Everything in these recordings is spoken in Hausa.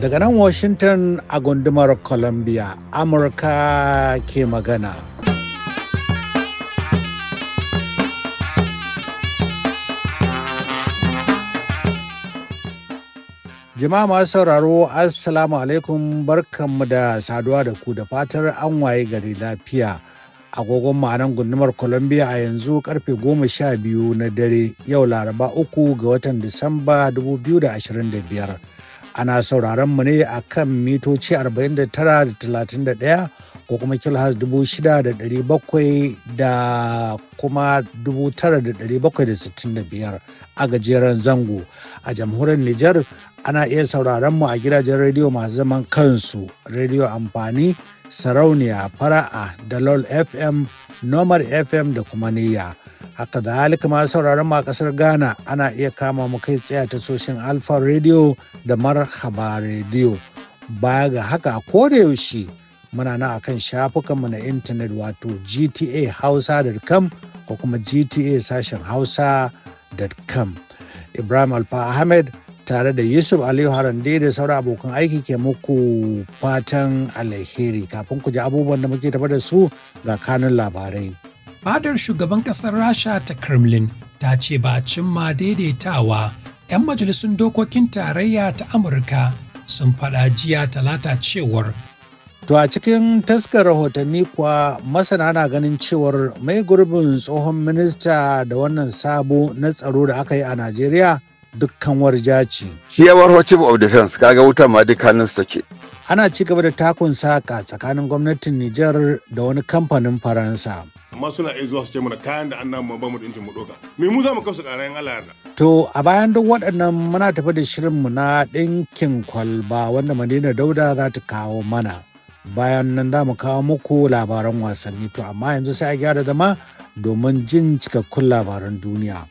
Daga nan Washington a gundumar Columbia, Amurka ke magana. Jama'a masu sauraro, Assalamu alaikum barkanmu da saduwa da ku da fatar an waye gari lafiya. agogon ma'anan gundumar columbia a yanzu karfe goma sha biyu na dare yau laraba uku ga watan disamba 2025 ana sauraron mu ne a kan mitoci 49.31 ko kuma kilhas 6,700 da kuma 9,765 a gajeren zango a jamhuriyar nijar ana iya sauraron mu a gidajen rediyo masu zaman kansu rediyo amfani sarauniya fara'a Dalol fm nomar fm da kuma niyya haka da halika masu sauraron ma kasar ghana ana iya kama mu kai tsaye ta soshin alfa radio da marhaba radio baya ga haka ko da yaushe muna nan akan shafukanmu na intanet wato gta hausa.com ko kuma gta sashen hausa.com ibrahim alfa ahmed tare da Yusuf Aliyu dai da sauran abokan aiki ke muku fatan alheri kafin ku ji abubuwan da muke tafa da su ga kanun labarai. Fadar shugaban kasar Rasha ta Kremlin ta ce ba a cimma daidaitawa 'yan majalisun dokokin tarayya ta Amurka sun faɗa jiya talata cewar To a cikin taskar rahotanni kuwa masana na ganin cewar mai gurbin tsohon minista da wannan sabo na tsaro da aka yi a Najeriya dukkan warja ce. Shi ya warho chief of defense kaga wutan ma duk hannun take. Ana ci gaba da takun saka tsakanin gwamnatin Nijar da wani kamfanin Faransa. amma suna iya zuwa su ce mana kayan da an namu ba mu dinkin mu doka me mu za mu kasu karayen Allah yarda to a bayan duk waɗannan muna tafi da shirin mu na ɗinkin kwalba wanda Madina Dauda za ta kawo mana bayan nan za mu kawo muku labaran wasanni to amma yanzu sai a gyara zama domin jin cikakkun labaran duniya.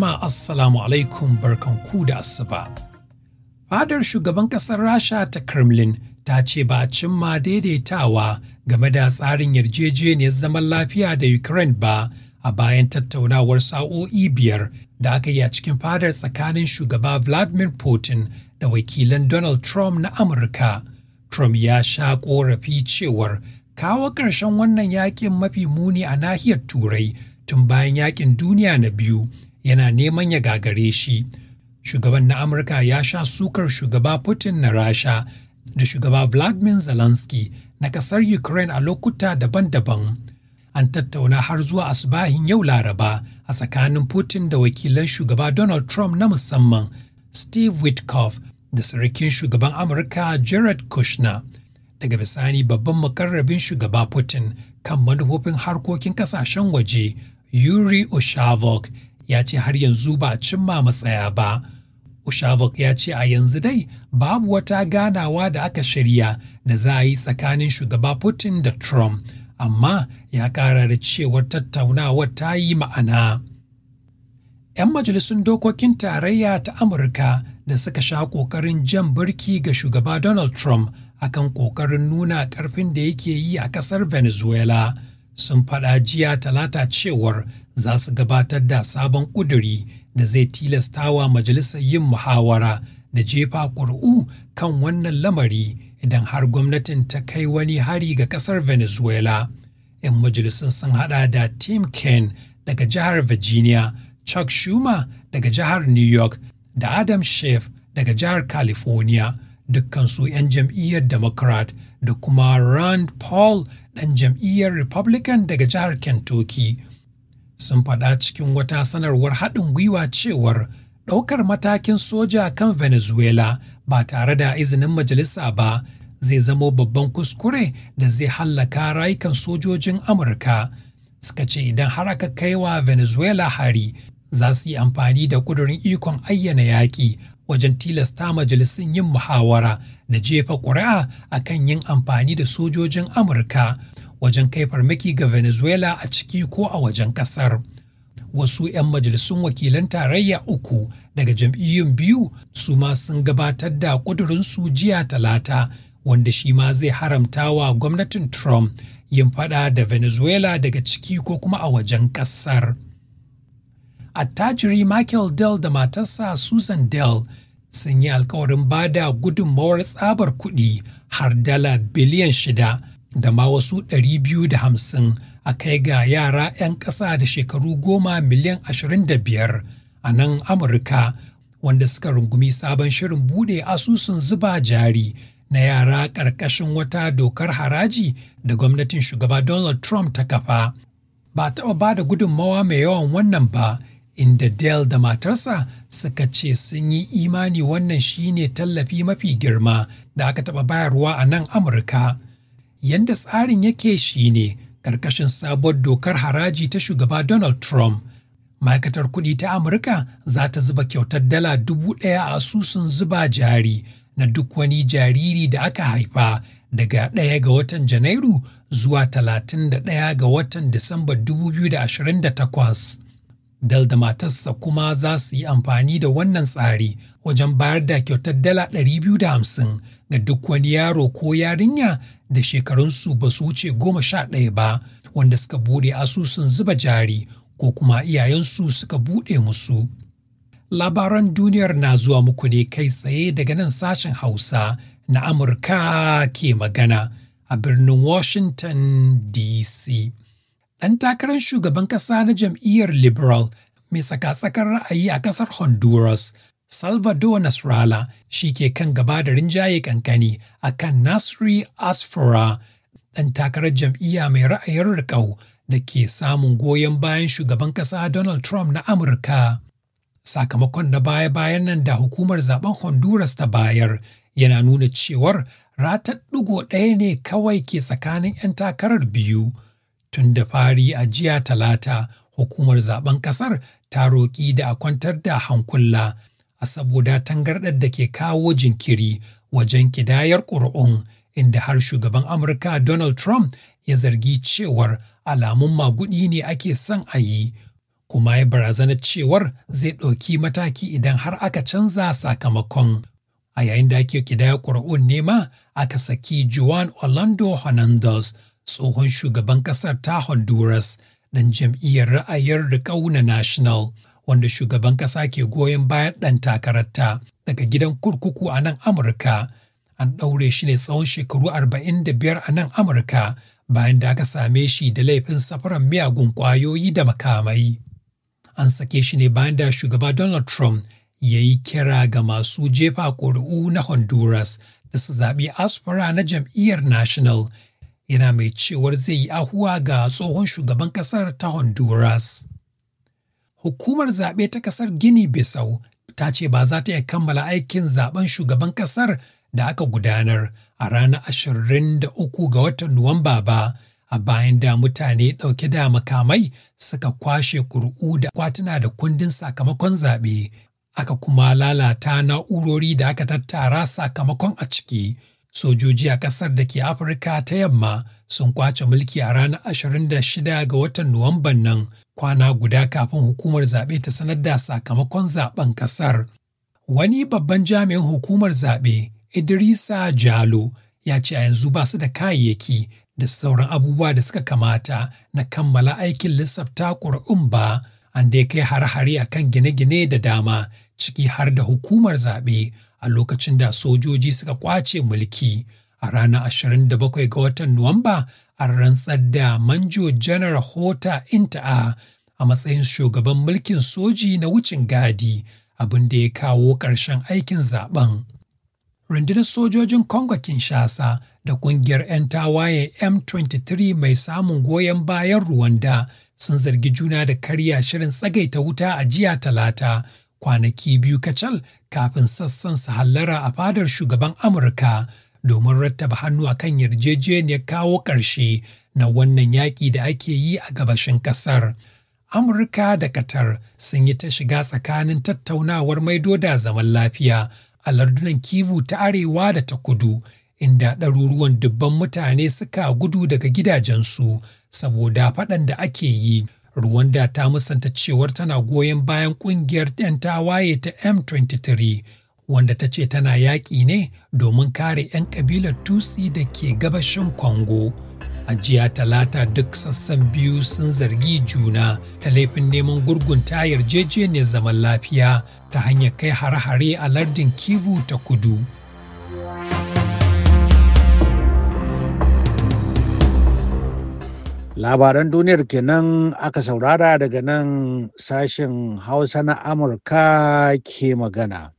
Jama'a Assalamu alaikum ku da asuba. Fadar shugaban ƙasar Rasha ta Kremlin ta ce ba a cimma daidaitawa game da tsarin yarjejeniyar zaman lafiya da Ukraine ba a bayan tattaunawar sa'o'i biyar da aka yi a cikin fadar tsakanin shugaba Vladimir Putin da wakilan Donald Trump na Amurka. Trump ya sha korafi cewar kawo ƙarshen wannan yaƙin mafi muni a nahiyar Turai tun bayan yaƙin duniya na biyu yana neman ya gagare shi shugaban na amurka ya sha sukar shugaba putin na rasha da shugaba vladimir zelensky na kasar ukraine a lokuta daban-daban an tattauna har zuwa asubahin yau laraba a tsakanin putin da wakilan shugaba donald trump na musamman steve witkoff da sarkin shugaban amurka jared kushner daga bisani babban makarrabin shugaba putin kan manufofin harkokin kasashen waje yuri ushavok ya ce har yanzu ba cimma matsaya ba. Ushabok ya ce a yanzu dai babu wata ganawa da aka shirya da za a yi tsakanin shugaba Putin da Trump, amma ya ƙara da cewar tattaunawar ta yi ma'ana. 'Yan majalisun dokokin tarayya ta Amurka da suka sha ƙoƙarin jan birki ga shugaba Donald Trump akan ƙoƙarin nuna ƙarfin da yake yi a ƙasar Venezuela. sun faɗa jiya talata cewar za su gabatar da sabon ƙuduri da zai tilasta wa majalisar yin muhawara da jefa ƙuri'u kan wannan lamari idan har gwamnatin ta kai wani hari ga ƙasar venezuela 'yan majalisun sun haɗa da tim ken daga jihar virginia chuck schumer daga jihar new york da adam Schiff daga jihar california dukkansu 'yan jam'iyyar democrat da kuma Rand Paul ɗan jam'iyyar Republican daga jihar Kentucky. Sun faɗa cikin wata sanarwar haɗin gwiwa cewar ɗaukar matakin soja kan Venezuela ba tare da izinin majalisa ba zai zamo babban kuskure da zai hallaka rayukan sojojin Amurka. Suka ce idan har aka kai wa Venezuela hari za su yi amfani da ƙudurin ikon ayyana yaƙi wajen tilasta majalisun yin muhawara da jefa ƙuri'a a kan yin amfani da sojojin amurka wajen kai farmaki ga venezuela a ciki ko a wajen ƙasar wasu 'yan majalisun wakilan tarayya uku daga jam'iyyun biyu su ma sun gabatar da ƙudurinsu jiya talata wanda shi ma zai haramta wa gwamnatin trump yin fada da venezuela daga ciki ko kuma a wajen ƙasar attajiri michael dell da matarsa susan dell sun yi alkawarin ba da gudunmawar tsabar kuɗi har dala biliyan shida da ma wasu ɗari biyu da hamsin a kai ga yara 'yan ƙasa da shekaru goma miliyan ashirin da biyar a nan amurka wanda suka rungumi sabon shirin bude asusun zuba jari na yara ƙarƙashin wata dokar haraji da gwamnatin shugaba donald trump ta kafa ba taɓa ba da gudunmawa mai yawan wannan ba inda Dell da matarsa suka ce sun yi imani wannan shine tallafi mafi girma da aka taɓa bayarwa a nan Amurka. Yanda tsarin yake shine ƙarƙashin sabuwar dokar haraji ta shugaba Donald Trump. Ma'aikatar kuɗi ta Amurka za ta zuba kyautar dala dubu ɗaya a asusun zuba jari na duk wani jariri da aka haifa daga ɗaya ga watan Janairu zuwa talatin da ɗaya ga watan Disamba 2028. Dal da matarsa kuma za su yi amfani da wannan tsari wajen bayar da kyautar dala ɗari biyu da hamsin, ga duk wani yaro ko yarinya da shekarunsu ba su wuce goma sha ɗaya ba wanda suka buɗe asusun zuba jari ko kuma iyayensu suka buɗe musu. Labaran duniyar na zuwa muku ne kai tsaye daga nan sashen Hausa na Amurka ke magana a birnin Washington DC. ɗan takarar shugaban ƙasa na jam'iyyar Liberal mai tsaka-tsakar ra'ayi a ƙasar Honduras, Salvador nasrala shi ke kan gaba da rinjaye kankani a kan Nasri asfora ɗan takarar jam'iyya mai ra'ayin riƙau da ke samun goyon bayan shugaban ƙasa Donald Trump na Amurka. Sakamakon na baya-bayan nan da hukumar zaben Honduras ta bayar yana nuna cewar ratar ɗigo ɗaya ne kawai ke tsakanin 'yan takarar biyu. tun da fari a jiya talata hukumar zaben kasar ta roƙi da a kwantar da hankula a saboda tangarɗar da ke kawo jinkiri wajen kidayar ƙuri'un inda har shugaban amurka donald trump ya zargi cewar alamun magudi ne ake son a yi kuma ya barazana cewar zai ɗauki mataki idan har aka canza sakamakon a yayin da ake kidaya ƙuri'un nema aka saki juan orlando hernandez tsohon shugaban ƙasar ta Honduras ɗan jam'iyyar ra'ayar riƙauna National wanda shugaban ƙasa ke goyon bayan ɗan takararta daga gidan kurkuku a nan Amurka. An ɗaure shi ne tsawon shekaru 45 a nan Amurka bayan da aka same shi da laifin safaran miyagun ƙwayoyi da makamai. An sake shi ne bayan da shugaba Donald Trump ya yi kira ga masu jefa ƙuri'u na Honduras da su zaɓi asfara na jam'iyyar National yana mai cewar zai yi ahuwa ga tsohon shugaban kasar ta honduras hukumar zaɓe ta kasar gini bissau ta ce ba za ta iya kammala aikin zaɓen shugaban kasar da aka gudanar a ranar 23 ga watan nuwamba ba a bayan da mutane ɗauke da makamai suka kwashe kur'u da kwatuna da kundin sakamakon zaɓe aka kuma lalata na'urori da aka tattara sakamakon a ciki sojoji a ƙasar da ke Afirka ta yamma sun kwace mulki a ranar 26 ga watan Nuwamban nan kwana guda kafin hukumar zaɓe ta sanar da sakamakon zaɓen ƙasar. Wani babban jami'in hukumar zaɓe Idrisa Jalo ya ce a yanzu ba su da kayayyaki da sauran abubuwa da suka kamata na kammala aikin lissafta ƙuri'un ba an ya kai hare-hare a kan gine-gine da dama ciki har da hukumar zaɓe a lokacin da sojoji suka kwace mulki a ranar 27 ga watan Nuwamba a rantsar da Manjo Janar Hota Inta'a a matsayin shugaban mulkin soji na wucin gadi abin da ya kawo ƙarshen aikin zaben. Rundunar sojojin Congo Kinshasa da ƙungiyar 'yan tawaye M23 mai samun goyon bayan Ruwanda sun zargi juna da karya shirin tsagaita wuta a jiya talata kwanaki biyu kacal kafin sassan su hallara a fadar shugaban Amurka domin rattaba hannu a kan yarjejeniyar kawo ƙarshe na wannan yaƙi da ake yi a gabashin ƙasar. Amurka da Qatar sun yi ta shiga tsakanin tattaunawar maido da zaman lafiya a lardunan Kivu ta Arewa da ta Kudu, inda ɗaruruwan dubban mutane suka gudu daga gidajensu saboda faɗan da ake yi. Rwanda ta musanta cewar tana goyon bayan kungiyar 'yan waye ta M23 wanda ta ce tana yaƙi ne domin kare 'yan ƙabilar Tutsi da ke gabashin Congo. A jiya talata duk sassan biyu sun zargi juna da laifin neman gurgunta yarjejeniyar zaman lafiya ta hanyar kai hare-hare a lardin Kivu ta kudu. Labaran duniyar kenan aka saurara daga nan sashen Hausa na Amurka ke magana.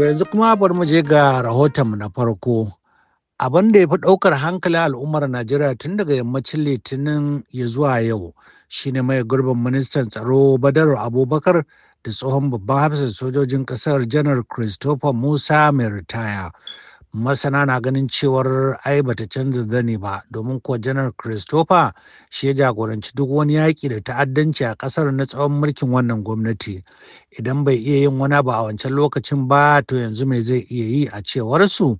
To yanzu kuma bari mu je ga rahotonmu na farko. Abin da ya fi ɗaukar hankalin al'ummar Najeriya tun daga yammacin Litinin ya zuwa yau shine mai gurbin ministan tsaro Badaru Abubakar da tsohon babban hafsan sojojin ƙasar janar Christopher Musa mai ritaya. masana na ganin cewar ai bata canza zane ba domin kuwa janar christopher shi ya jagoranci duk wani yaƙi da ta'addanci a ƙasar na tsawon mulkin wannan gwamnati idan bai iya yin wani ba a wancan lokacin ba to yanzu mai zai iya yi a cewar su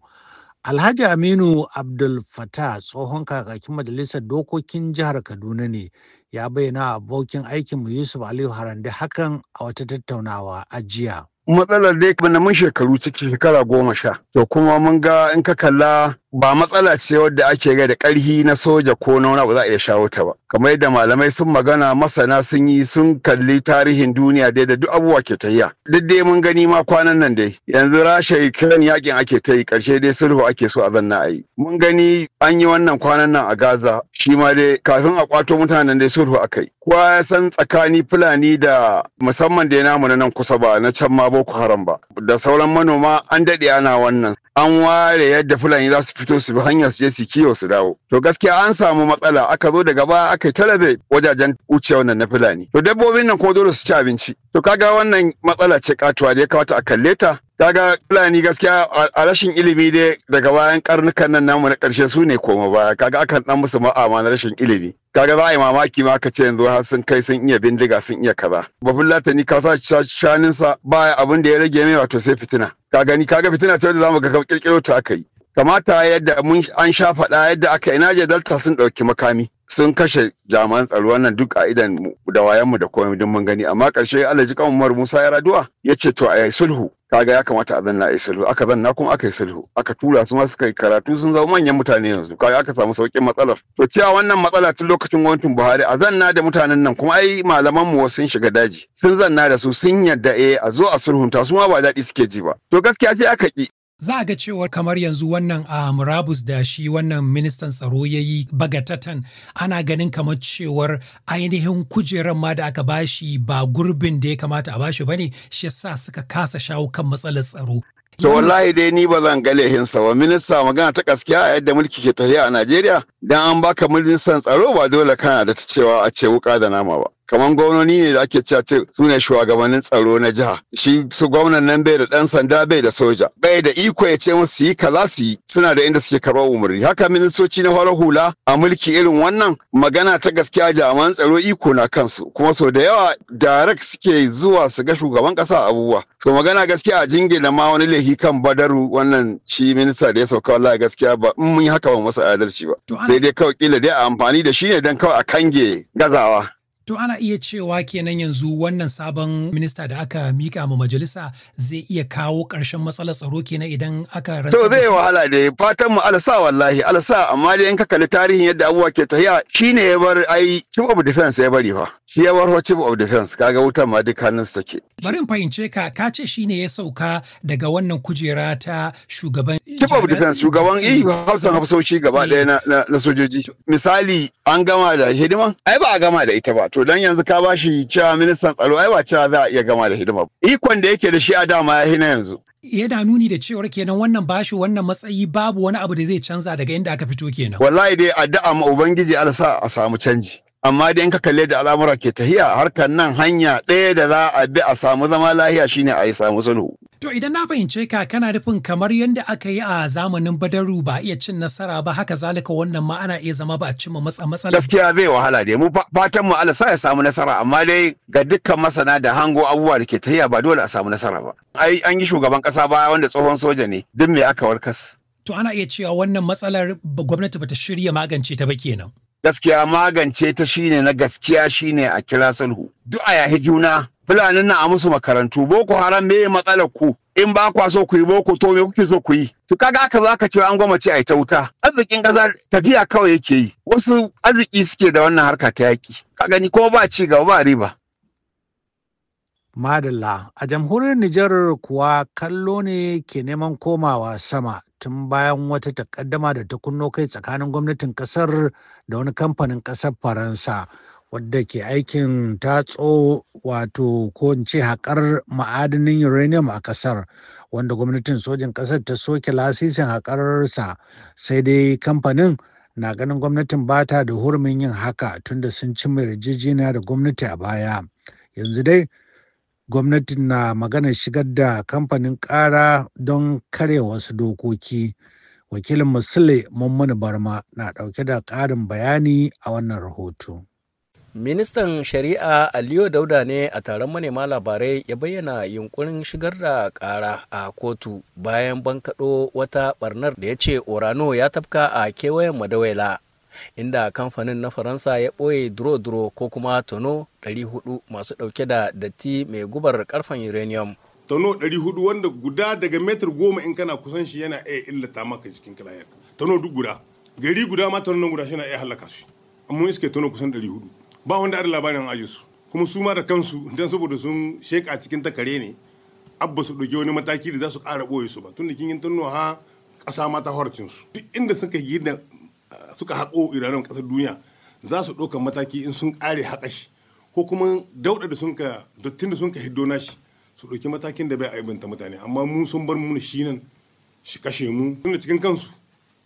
alhaji aminu abdul fatah tsohon kakakin majalisar dokokin jihar kaduna ne ya bayyana abokin aikin mu yusuf aliyu harande hakan a wata tattaunawa a jiya matsalar dai na mun shekaru ciki shekara goma sha to kuma mun ga in ka kalla ba matsala ce wadda ake gai da ƙarhi na soja ko na wani ba za a iya shawo ta ba kamar yadda malamai sun magana masana sun yi sun kalli tarihin duniya dai da duk abubuwa ke tahiya duk dai mun gani ma kwanan nan dai yanzu rasha ukraine yakin ake ta yi ƙarshe dai sulhu ake so a zanna a yi mun gani an yi wannan kwanan nan a gaza shi ma dai kafin a kwato mutanen dai sulhu aka yi kowa ya san tsakani fulani da musamman da ya namu na nan kusa ba na can ma boko haram ba da sauran manoma an daɗe ana wannan an ware yadda fulani za su fito su bi hanyar su je su kiyo su dawo to gaskiya an samu matsala aka zo daga baya aka yi talabe wajajen wuce wannan na fulani to dabbobin nan ko dole su ci abinci to kaga wannan matsala ce katuwa da ya kamata a kalle ta kaga fulani gaskiya a rashin ilimi dai daga bayan karnukan nan namu na karshe su ne koma baya kaga akan dan musu ma'ama na rashin ilimi kaga za a yi mamaki ma ka ce yanzu har sun kai sun iya bindiga sun iya kaza babun latani ka sa shanin sa baya abin da ya rage mai wato sai fitina ka gani kaga fitina ce wanda zamu ga kirkiro ta aka yi kamata yadda an sha faɗa yadda aka ina je dalta sun ɗauki makami sun kashe jami'an tsaro wannan duk a idan da wayanmu da komai duk mun gani amma ƙarshe alhaji ji umar musa ya raduwa ya ce to a yi sulhu kaga ya kamata a zanna a yi sulhu aka zanna kuma aka yi sulhu aka tura su ma suka yi karatu sun zama manyan mutane yanzu kaga aka samu sauƙin matsalar to cewa wannan matsala tun lokacin gwamnatin buhari a zanna da mutanen nan kuma ai malaman mu sun shiga daji sun zanna da su sun yadda eh a zo a sulhunta su ma ba daɗi suke ji ba to gaskiya ce aka ki za a ga cewar kamar yanzu wannan a ah, murabus da shi wannan ministan tsaro ya yi bagatatan ana ganin kamar cewar ainihin kujerar ma da aka bashi ba gurbin da ya kamata a bashi bane shi yasa suka kasa shawo kan matsalar tsaro To wallahi dai ni ba zan ga sa ba minista magana ta gaskiya a yadda mulki ke tafiya a Najeriya dan an baka ministan tsaro ba dole kana da ta cewa a ce wuka da nama ba. kamar gwamnoni ne da ake cewa su ne shugabannin tsaro na jiha shi su gwamnan nan bai da dan sanda bai da soja bai da iko ya ce musu yi kaza su yi suna da inda suke karɓar umarni haka ministoci na farar hula a mulki irin wannan magana ta gaskiya jami'an tsaro iko na kansu kuma sau da yawa Darak suke zuwa su ga shugaban kasa abubuwa so magana gaskiya a jingina ma wani laifi kan badaru wannan shi minista da ya sauka wallahi gaskiya ba in mun yi haka ba mu masa adalci ba sai dai kawai kila dai a amfani da shi ne don kawai a kange gazawa To ana iya cewa kenan yanzu wannan sabon minista da aka mika ma majalisa zai iya kawo ƙarshen matsalar tsaro kenan idan aka rasa. To zai wahala da fatan mu alasa wallahi alasa amma dai in ka kalli tarihin yadda abubuwa ke tafiya shine ya bar ai chief of defense ya bari fa. Shi ya bar chief of defense kaga wutan ma duk hannun take. Bari in fahimce ka ka ce shine ya sauka daga wannan kujera ta shugaban. Chief of defense shugaban eh Hausa hafsoshi gaba ɗaya na sojoji. Misali an gama da hidima ai ba a gama da ita ba to to dan yanzu ka bashi cewa ministan tsaro ai ba cewa za a iya gama da hidima ba. ikon da yake da shi a dama ya hina yanzu yana nuni da cewar kenan wannan bashi wannan matsayi babu wani abu da zai canza daga inda aka fito kenan wallahi dai addu'a ma ubangiji alsa a samu canji amma dai in ka kalle da al'amura ke tahiya harkar nan hanya ɗaya da za a bi a samu zama lahiya shine a yi samu sulhu To idan na fahimce ka kana nufin kamar yadda aka yi a zamanin Badaru ba iya cin nasara ba haka zalika wannan ma ana iya zama ba a cimma matsa matsala. Gaskiya zai wahala dai mu fatan mu Allah sa ya samu nasara amma dai ga dukkan masana da hango abubuwa da ke tahiya ba dole a samu nasara ba. Ai an yi shugaban kasa ba wanda tsohon soja ne duk me aka warkas. To ana iya cewa wannan matsalar gwamnati bata shirya magance ta ba kenan. Gaskiya magance ta shine na gaskiya shine a kira sulhu. Duk a yahi juna fulanin na a musu makarantu boko haram me matsalar ku in ba kwa so ku yi boko to me kuke so ku yi to kaga aka za ka cewa an gwamnati a ita ta wuta arzikin ƙasa tafiya kawai yake yi wasu arziki suke da wannan harka ta yaki. ka gani ko ba ci gaba ba riba madalla a jamhuriyar nijar kuwa kallo ne ke neman komawa sama tun bayan wata takaddama da ta kunno kai tsakanin gwamnatin kasar da wani kamfanin kasar faransa wadda ke aikin tatso wato ko in ce haƙar ma'adinin uranium a ƙasar wanda gwamnatin sojin ƙasar ta soke lasisin haƙararsa sai dai kamfanin na ganin gwamnatin ba ta da hurumin yin haka tunda sun ci mai da gwamnati a baya yanzu dai gwamnati na maganar shigar da kamfanin ƙara don kare wasu dokoki wakilin musule mummuni barma na ɗauke da ƙarin bayani a wannan rahoto Ministan Shari'a Aliyu Dauda ne a taron manema labarai ya bayyana yunkurin shigar da ƙara a kotu bayan bankaɗo wata barnar da ya ce Orano ya tafka a kewayen Madawaila, inda kamfanin na Faransa ya ɓoye duro-duro ko kuma tono 400 masu ɗauke da datti mai gubar karfan uranium. Tono 400 wanda guda daga metar goma in kana kusan shi yana iya illata maka jikin kalayar. Tono duk guda. Gari guda ma tono guda shi na iya halaka shi. Amma iske tono kusan 400. ba wanda ada labarin aji su kuma su ma da kansu dan saboda sun sheka cikin takare ne abba su ɗauki wani mataki da za su ƙara ɓoye su ba tun da kingin tunno ha ƙasa ma ta horcin su duk inda suka yi da ah, suka haƙo iranin ƙasar duniya za su ɗauka mataki in sun ƙare haƙa shi ko kuma dauɗa da sunka dattin da sunka ka hiddo na shi su ɗauki matakin da bai aibinta mutane amma mu sun bar mu shi nan shi kashe mu tun da cikin kansu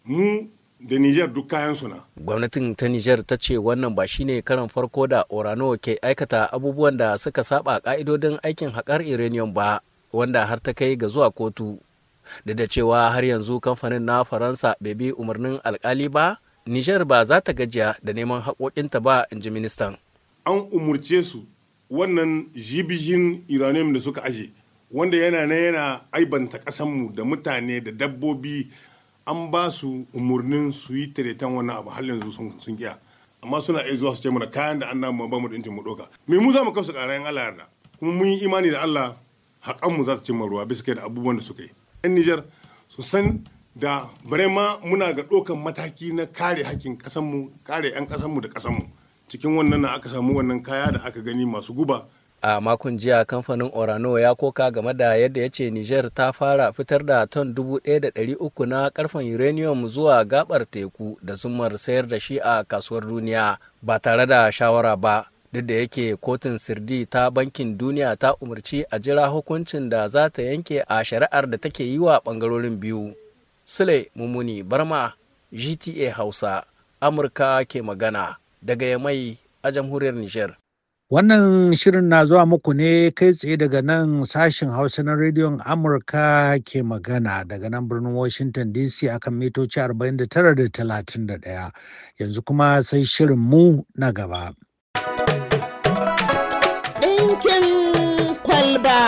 mu da Nijar duk kayan suna. Gwamnatin ta Nijar ta ce wannan ba shine karan farko da Orano ke aikata abubuwan da suka saba ka'idodin aikin haƙar uranium ba, wanda har ta kai ga zuwa kotu. Da da cewa har yanzu kamfanin na Faransa bai bi umarnin alkali ba, Nijar ba za ta gajiya da neman haƙoƙinta ba, in ji ministan. An umurce su wannan jibijin uranium da suka aje, wanda yana na yana aibanta ƙasanmu da mutane da dabbobi an ba su umarnin su yi tiretan wannan abu har yanzu sun kiya amma suna iya zuwa su ce mana kayan da an namu ba mu da mu doka me mu za mu kasu karayen Allah yarda kuma mun yi imani da Allah haƙan mu za ta cimma ruwa bisa da abubuwan da suka yi yan Nijar su san da barema muna ga dokan mataki na kare hakkin mu kare 'yan mu da kasan mu. cikin wannan na aka samu wannan kaya da aka gani masu guba a makon jiya kamfanin orano ya koka game da yadda ya ce niger ta fara fitar da ton 1,300 na karfen uranium zuwa gabar teku da zumar sayar da shi a kasuwar duniya ba tare da shawara ba duk da yake kotun sirdi ta bankin duniya ta umarci a jira hukuncin da za ta yanke a shari'ar da take yi wa bangarorin biyu sule mumuni barma gta hausa amurka ke magana daga yamai a jamhuriyar niger Wannan shirin na zuwa muku ne kai tsaye daga nan sashen Hausa na rediyon Amurka ke magana daga nan birnin Washington DC akan mitoci 49.31 yanzu kuma sai shirin mu na gaba. Ɗinkin kwalba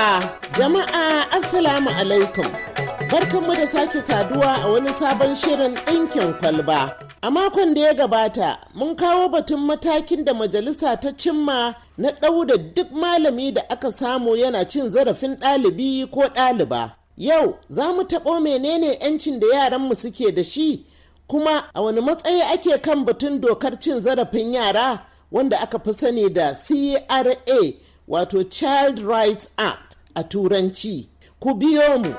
jama'a Assalamu alaikum. Barkanmu da sake saduwa a wani sabon shirin ɗinkin kwalba. A makon da ya gabata, mun kawo batun matakin da majalisa ta cimma na ɗau da duk malami da aka samu yana cin zarafin ɗalibi ko ɗaliba. Yau za mu taɓo menene 'yancin da yaranmu suke da shi, kuma a wani matsayi ake kan batun dokar cin zarafin yara wanda aka fi sani da CRA wato Child Rights Act a Turanci. Ku biyo mu.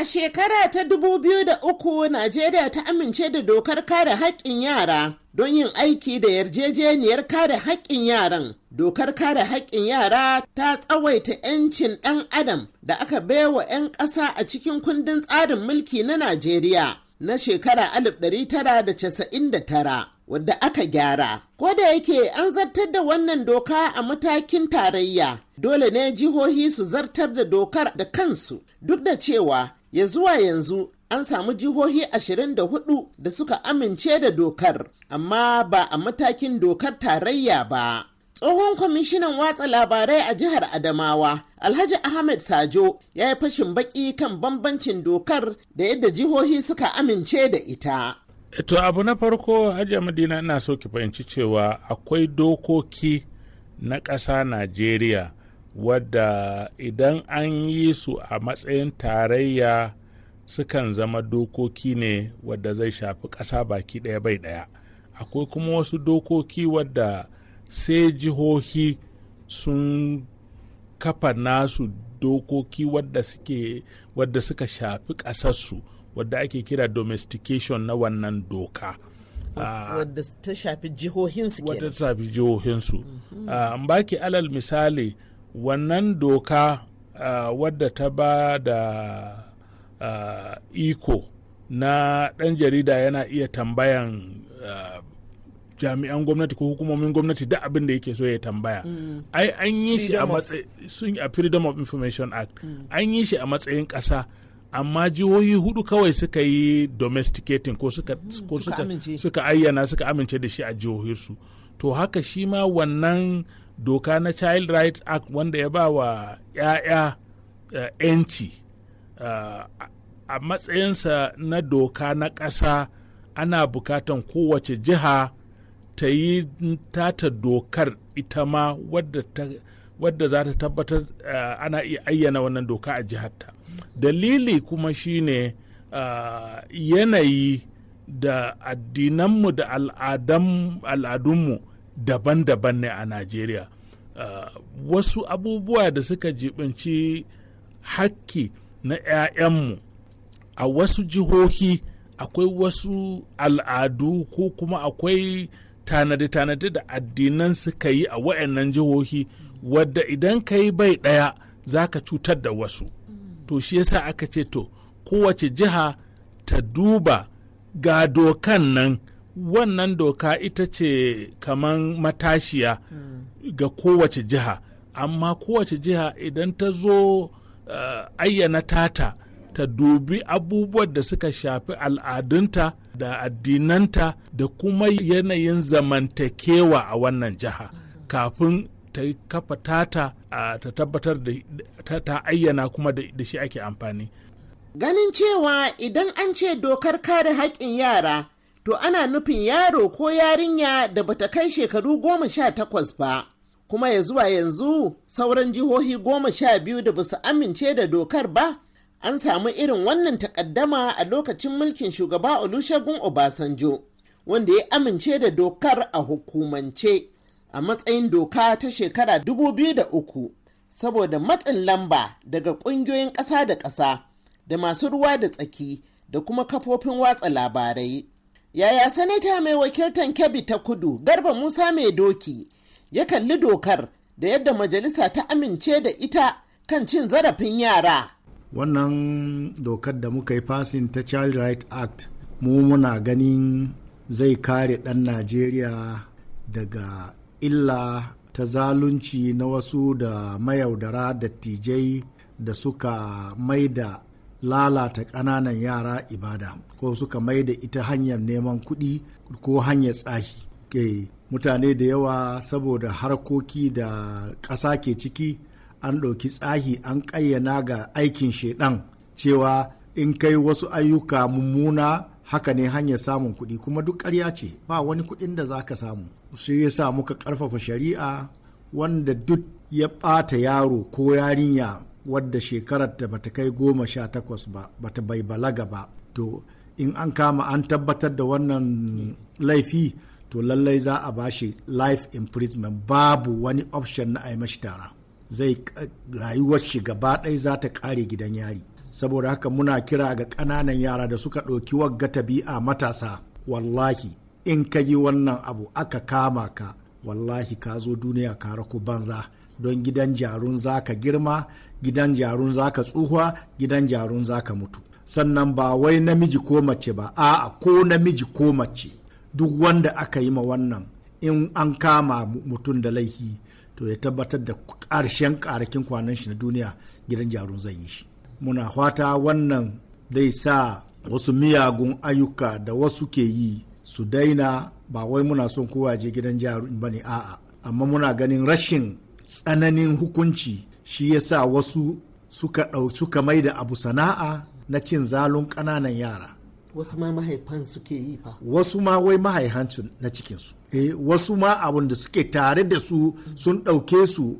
A shekara ta 2003 Najeriya ta amince da dokar kare haƙƙin yara don yin aiki da yarjejeniyar kare haƙƙin yaran. Dokar kare haƙƙin yara ta tsawaita 'yancin ɗan adam da aka baiwa 'yan ƙasa a cikin kundin tsarin mulki na Najeriya na shekara 1999. wadda aka gyara. Ko da yake an zartar da wannan doka a matakin tarayya, dole ne jihohi su zartar da dokar da kansu duk da cewa ya zuwa yanzu an samu jihohi 24 da suka amince da dokar amma ba a matakin dokar tarayya ba tsohon kwamishinan watsa labarai a jihar adamawa alhaji ahmed sajo ya yi fashin baki kan bambancin dokar da yadda jihohi suka amince da ita eh, to abu na farko hajiya madina ina so ki fahimci cewa akwai dokoki na ƙasa najeriya wadda idan an yi su a matsayin tarayya sukan zama dokoki ne wadda zai shafi ƙasa baki ɗaya bai ɗaya akwai kuma wasu dokoki wadda sai jihohi sun kafa nasu dokoki wadda, suke, wadda suka shafi ƙasarsu wadda ake kira domestication na wannan doka ah, wadda ta shafi jihohinsu wadda ta shafi jihohinsu mhm. ah, baki alal misali wannan doka uh, wadda ta ba da uh, iko na ɗan jarida yana iya tambayan uh, jami'an gwamnati ko hukumomin gwamnati da abin da yake so ya tambaya mm. ai an yi shi a matsayin freedom of information act mm. an yi shi a matsayin ƙasa amma jihohi hudu kawai suka yi domesticating ko mm, suka, ayyana suka amince da shi a jihohinsu to haka shi ma wannan doka na child rights act wanda ya ba wa 'ya'ya eh, 'yanci eh, a matsayinsa na doka na ƙasa ana bukatan kowace jiha ta yi tata dokar ita ma wadda za ta tabbatar eh, ana iya ayyana wannan doka a jiharta dalili kuma shine ne yanayi da addinanmu da al'adunmu daban-daban ne a najeriya uh, wasu abubuwa da suka jibinci hakki na 'ya'yanmu a wasu jihohi akwai wasu al'adu ko kuma akwai tanade-tanade da addinan suka yi a wa'annan jihohi wadda idan ka yi bai ɗaya za ka cutar da wasu to shi yasa aka ce to kowace jiha ta duba gado kan nan wannan doka ita ce kaman matashiya ga kowace jiha amma kowace jiha idan ta zo eh, ayyana tata ta dubi abubuwan da suka shafi al'adunta da addinanta da kuma yanayin zamantakewa a wannan jiha kafin ta kafa tata ta tabbatar da ta ayyana kuma da shi ake amfani ganin cewa idan an ce dokar kare haƙƙin yara to ana nufin yaro ko yarinya da bata kai shekaru goma sha takwas ba kuma ya zuwa yanzu sauran jihohi goma sha biyu da basu amince da dokar ba an samu irin wannan takaddama a lokacin mulkin shugaba Olusegun Obasanjo wanda ya amince da dokar a hukumance a matsayin doka ta shekara dubu biyu da uku, saboda matsin lamba daga ƙungiyoyin ƙasa da ƙasa da masu ruwa da tsaki da kuma kafofin watsa labarai. Yaya sanata mai wakiltan Kebbi ta kudu Garba Musa mai doki ya kalli dokar da yadda majalisa ta amince da ita kan cin zarafin yara. Wannan dokar da muka yi fasin ta Child Right Act mu muna ganin zai kare ɗan Najeriya daga illa ta zalunci na wasu da mayaudara dattijai da suka maida lalata ƙananan yara ibada ko suka mai da ita hanyar neman kuɗi ko hanyar tsahi e, mutane da yawa saboda harkoki da ƙasa ke ciki an ɗauki tsahi an ƙayyana ga aikin shaiɗan cewa in kai wasu ayyuka mummuna haka ne hanyar samun kuɗi kuma duk ƙarya ce ba wani kuɗin da za ka samu shi ya sa muka ƙarfafa shari'a wanda duk ya ɓata yaro ko yarinya wadda shekarar da bata kai goma sha takwas ba bata bai balaga ba to in an kama an tabbatar da wannan laifi to lallai za a bashi life imprisonment babu wani option na ai mashi tara zai rayuwar shi gaba ɗaya za ta ƙare gidan yari saboda haka muna kira ga ƙananan yara da suka ɗauki wagga a matasa wallahi in ka yi wannan abu aka kama ka wallahi ka zo duniya ka rako banza don gidan jarun za ka girma gidan jarun zaka tsuhuwa gidan jarun zaka mutu sannan ba wai namiji ko mace ba a'a ko namiji ko mace duk wanda aka yi ma wannan in an kama mutum da laifi to ya tabbatar da ƙarshen ƙarakin kwanan shi na duniya gidan jarun zai yi shi muna fata wannan zai sa wasu miyagun ayyuka da wasu ke yi su daina ba wai muna son kowa je gidan jarun ba ne a'a amma muna ganin rashin tsananin hukunci shi ya sa wasu suka ɗauki suka da abu sana'a na cin zalun ƙananan yara wasu ma mahaifan suke yi fa wasu ma wai mahaihancin na cikinsu eh, wasu ma abun da suke tare da su sun ɗauke su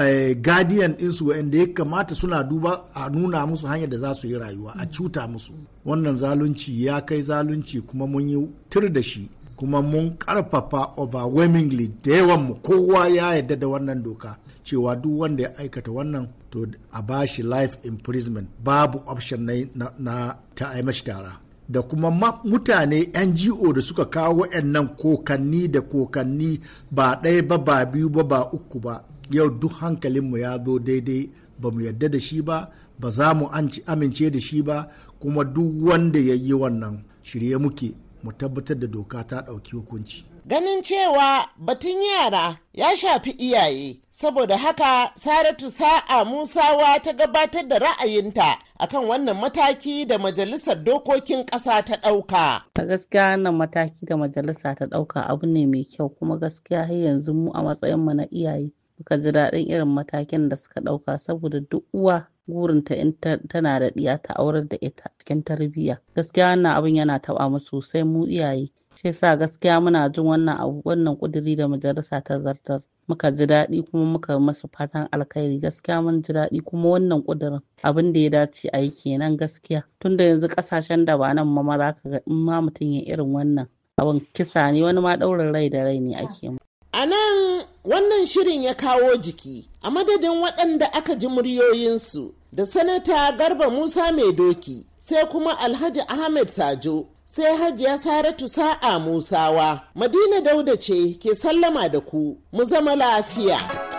eh, guardian ɗinsu wa'anda ya kamata suna duba a nuna musu hanyar da za su yi rayuwa a cuta musu wannan zalunci ya kai zalunci kuma mun yi tur da shi kuma mun karfafa overwhelmingly da yawan mu kowa ya yarda da wannan doka cewa duk wanda ya aikata wannan to a bashi life imprisonment babu option na, na, ta aimashi tara da kuma mutane NGO da suka kawo nan kokanni da kokanni ba ɗaya ba ba biyu ba ba uku ba yau duk hankalinmu ya zo daidai ba mu yadda da shi ba ba za mu amince da shi ba kuma duk wanda ya yi wannan shirye muke mu tabbatar da doka ta ɗauki hukunci. Ganin cewa batun yara ya shafi iyaye, saboda haka Saratu Sa'a Musawa ta gabatar da ra'ayinta akan wannan mataki da Majalisar Dokokin Ƙasa ta ɗauka. Ta gaskiya wannan mataki da Majalisa ta ɗauka abu ne mai kyau kuma gaskiya har yanzu mu a matsayinmu na iyaye. muka ji daɗin irin matakin da suka ɗauka saboda duk uwa burinta in tana da ɗiya ta aurar da ita cikin tarbiyya gaskiya wannan abin yana taɓa mu sosai mu iyaye sai sa gaskiya muna jin wannan abu wannan ƙuduri da majalisa ta zartar muka ji daɗi kuma muka masa fatan alkhairi gaskiya mun ji daɗi kuma wannan ƙudurin abin da ya dace a yi kenan gaskiya tunda yanzu ƙasashen da ba nan ma za ka ga in ma mutum ya irin wannan abin kisa ne wani ma ɗaurin rai da rai ne ake mu A nan wannan shirin ya kawo jiki a madadin waɗanda aka ji muryoyinsu da sanata Garba Musa mai doki sai kuma Alhaji Ahmed Sajo sai Hajiya Saratu Sa'a Musawa. Madina Dauda ce ke sallama da ku, mu zama lafiya.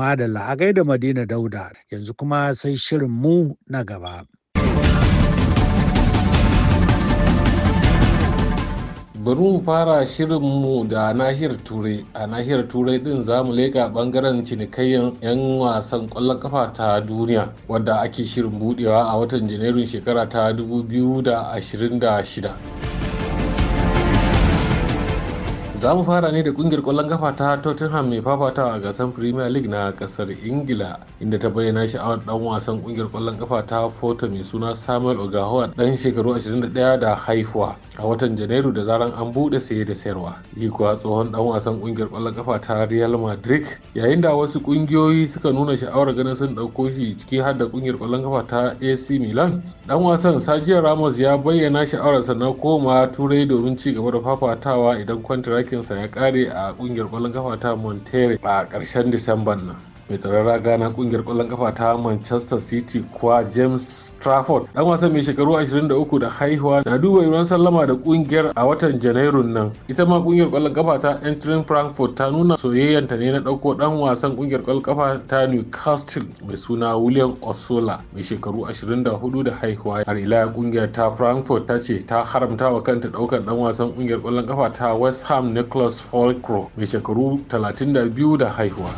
da a da Madina Dauda yanzu kuma sai shirin mu na gaba. bari mu fara shirin mu' da nahiyar turai a nahiyar turai din za mu leƙa bangaren cinikayyar 'yan wasan ƙwallon kafa ta duniya wadda ake shirin budewa a watan janairun shekara ta 2026 za mu fara ne da kungiyar kwallon kafa ta tottenham mai fafatawa a gasar premier league na kasar ingila inda ta bayyana sha'awar dan wasan kungiyar kwallon kafa ta porto mai suna samuel ogahoa dan shekaru 21 da haifuwa a watan janairu da zaran an bude saye da sayarwa shi kuwa tsohon dan wasan kungiyar kwallon kafa ta real madrid yayin da wasu kungiyoyi suka nuna sha'awar ganin sun dauko shi ciki har da kungiyar kwallon kafa ta ac milan dan wasan sergio ramos ya bayyana sha'awarsa na koma turai domin ci gaba da fafatawa idan kwantiraki aikinsa ya kare a kungiyar kwallon kafa ta montere a karshen disamban nan mai tsaron raga na kungiyar kwallon kafa ta manchester city kuwa james trafford dan wasan mai shekaru 23 da haihuwa na duba ruwan sallama da kungiyar a watan janairun nan ita ma kungiyar kwallon kafa ta entering frankfurt ta nuna soyayyanta ne na dauko dan wasan kungiyar kwallon kafa ta newcastle mai suna william osola mai shekaru 24 da haihuwa har ila kungiyar ta frankfurt ta ce ta haramta wa kanta daukar dan wasan kungiyar kwallon kafa ta west ham nicholas falkro mai shekaru 32 da haihuwa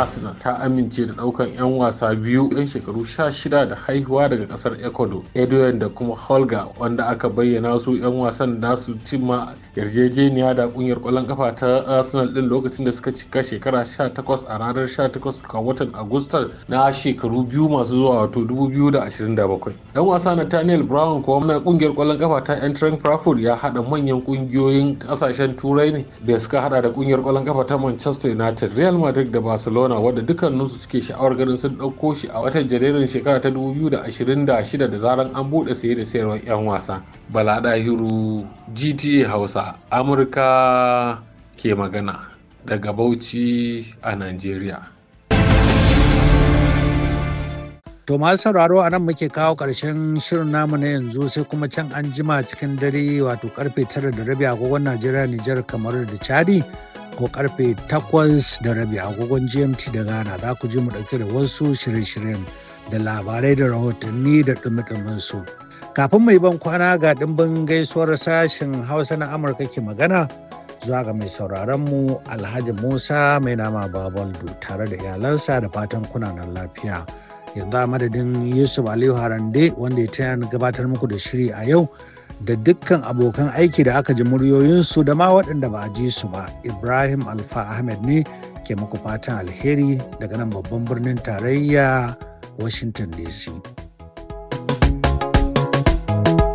arsenal ta amince da daukan 'yan wasa biyu 'yan shekaru 16 da haihuwa daga kasar ecuador edwin da kuma holga wanda aka bayyana su 'yan wasan nasu cimma yarjejeniya da kungiyar kwallon kafa ta arsenal din lokacin da suka cika shekara 18 a ranar 18 ga watan agustar na shekaru biyu masu zuwa wato 2027 dan wasa nathaniel brown kuma na kungiyar kwallon kafa ta entren frankfurt ya hada manyan kungiyoyin kasashen turai ne da suka hada da kungiyar kwallon kafa ta manchester united real madrid da barcelona barcelona wadda dukkaninsu suke sha'awar ganin sun ɗauko shi a watan janairun shekara ta 2026 da zaran an buɗe saye da sayarwar 'yan wasa bala dahiru gta hausa amurka ke magana daga bauchi a najeriya To masu sauraro a nan muke kawo ƙarshen shirin namu na yanzu sai kuma can an jima cikin dare wato karfe tara da rabi agogon Najeriya Nijar kamar da Chadi. ko karfe 8 da rabi agogon gmt da ghana za ku ji mu dauke da wasu shirye-shiryen da labarai da rahotanni da dumi su kafin mai ban kwana ga dimbin gaisuwar sashen hausa na amurka ke magana zuwa ga mai sauraron mu alhaji musa mai nama babaldu tare da iyalansa da fatan kunanan lafiya yanzu a madadin yusuf aliyu harande wanda ya taya gabatar muku da shiri a yau da dukkan abokan aiki da aka ji muryoyinsu da ma waɗanda ba a ji su ba ibrahim alfa ahmed ne ke muku fatan alheri daga nan babban birnin tarayya washington dc